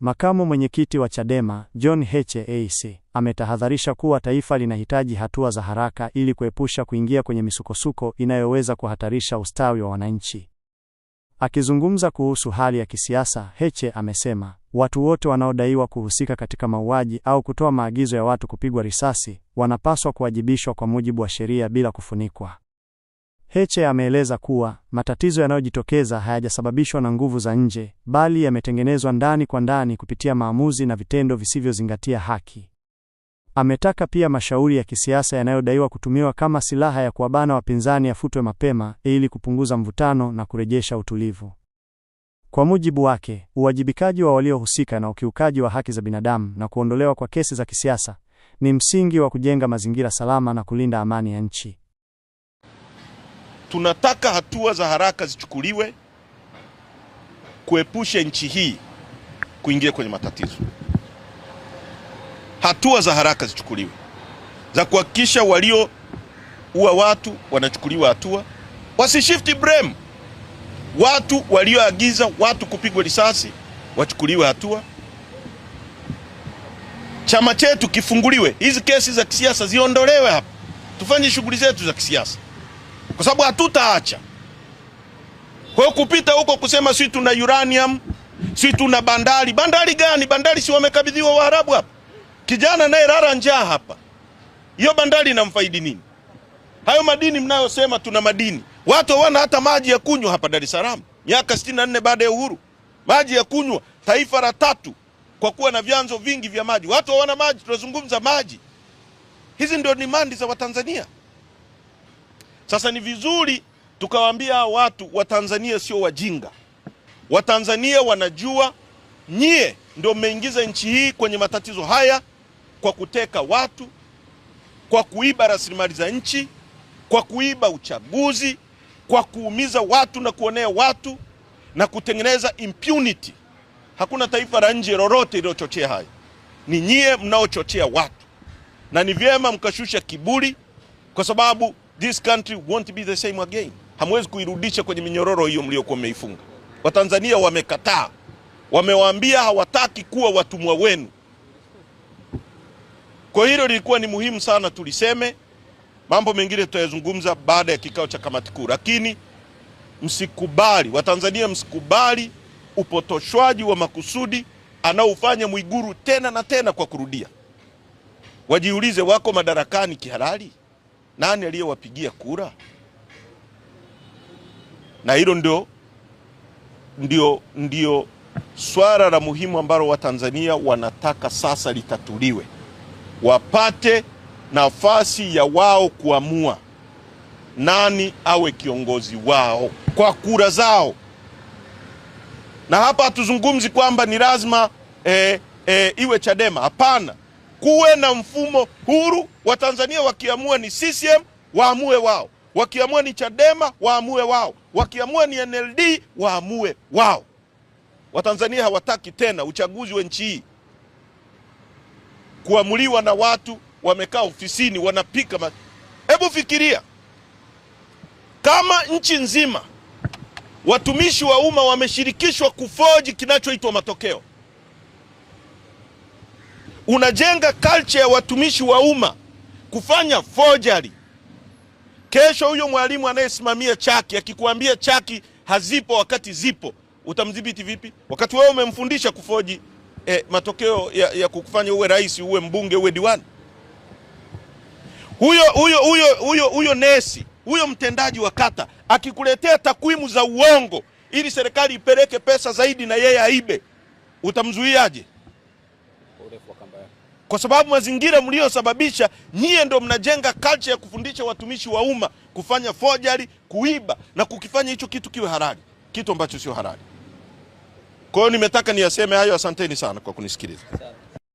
Makamu mwenyekiti wa Chadema John Heche AC ametahadharisha kuwa taifa linahitaji hatua za haraka ili kuepusha kuingia kwenye misukosuko inayoweza kuhatarisha ustawi wa wananchi. Akizungumza kuhusu hali ya kisiasa, Heche amesema watu wote wanaodaiwa kuhusika katika mauaji au kutoa maagizo ya watu kupigwa risasi wanapaswa kuwajibishwa kwa mujibu wa sheria bila kufunikwa. Heche ameeleza kuwa matatizo yanayojitokeza hayajasababishwa na nguvu za nje, bali yametengenezwa ndani kwa ndani kupitia maamuzi na vitendo visivyozingatia haki. Ametaka pia mashauri ya kisiasa yanayodaiwa kutumiwa kama silaha ya kuwabana wapinzani yafutwe mapema ili kupunguza mvutano na kurejesha utulivu. Kwa mujibu wake, uwajibikaji wa waliohusika na ukiukaji wa haki za binadamu na kuondolewa kwa kesi za kisiasa ni msingi wa kujenga mazingira salama na kulinda amani ya nchi. Tunataka hatua za haraka zichukuliwe kuepusha nchi hii kuingia kwenye matatizo. Hatua za haraka zichukuliwe za kuhakikisha walio uwa watu wanachukuliwa hatua, wasishifti brem, Watu walioagiza watu kupigwa risasi wachukuliwe hatua, chama chetu kifunguliwe, hizi kesi za kisiasa ziondolewe hapa, tufanye shughuli zetu za kisiasa kwa sababu hatutaacha. Kwa hiyo kupita huko kusema si tuna uranium, si tuna bandari, bandari gani? Bandari si wamekabidhiwa Waarabu hapa? Kijana naye rara njaa hapa, hiyo bandari inamfaidi nini? Hayo madini mnayosema tuna madini, watu hawana hata maji ya kunywa hapa Dar es Salaam, miaka 64 baada ya uhuru, maji ya kunywa, taifa la tatu kwa kuwa na vyanzo vingi vya maji. Watu hawana maji, tunazungumza maji. Hizi ndio demand za Watanzania. Sasa ni vizuri tukawaambia watu Watanzania sio wajinga, Watanzania wanajua nyie ndio mmeingiza nchi hii kwenye matatizo haya kwa kuteka watu, kwa kuiba rasilimali za nchi, kwa kuiba uchaguzi, kwa kuumiza watu na kuonea watu na kutengeneza impunity. Hakuna taifa la nje lolote iliyochochea haya, ni nyie mnaochochea watu, na ni vyema mkashusha kiburi, kwa sababu This country won't be the same again. Hamwezi kuirudisha kwenye minyororo hiyo mliokuwa mmeifunga. Watanzania wamekataa, wamewaambia hawataki kuwa watumwa wenu. Kwa hilo lilikuwa ni muhimu sana tuliseme. Mambo mengine tutayazungumza baada ya kikao cha kamati kuu, lakini msikubali, Watanzania msikubali upotoshwaji wa makusudi anaofanya Mwiguru tena na tena kwa kurudia. Wajiulize, wako madarakani kihalali? nani aliyewapigia kura? Na hilo ndio, ndio, ndio swala la muhimu ambalo Watanzania wanataka sasa litatuliwe, wapate nafasi ya wao kuamua nani awe kiongozi wao kwa kura zao. Na hapa hatuzungumzi kwamba ni lazima eh, eh, iwe Chadema. Hapana kuwe na mfumo huru. Watanzania wakiamua ni CCM waamue wao, wakiamua ni Chadema waamue wao, wakiamua ni NLD waamue wao. Watanzania hawataki tena uchaguzi wa nchi hii kuamuliwa na watu wamekaa ofisini wanapika ma... Hebu fikiria kama nchi nzima watumishi wa umma wameshirikishwa kufoji kinachoitwa matokeo unajenga culture ya watumishi wa umma kufanya forgery. Kesho huyo mwalimu anayesimamia chaki akikuambia chaki hazipo wakati zipo, utamdhibiti vipi? Wakati wewe umemfundisha kufoji eh, matokeo ya, ya kukufanya uwe rais, uwe mbunge, uwe diwani. Huyo huyo huyo huyo huyo nesi, huyo mtendaji wa kata akikuletea takwimu za uongo ili serikali ipeleke pesa zaidi na yeye aibe, utamzuiaje? urefu wa kamba yako, kwa sababu mazingira mliyosababisha nyie ndo mnajenga culture ya kufundisha watumishi wa umma kufanya forgery, kuiba na kukifanya hicho kitu kiwe halali, kitu ambacho sio halali. Kwa hiyo nimetaka niyaseme hayo. Asanteni sana kwa kunisikiliza.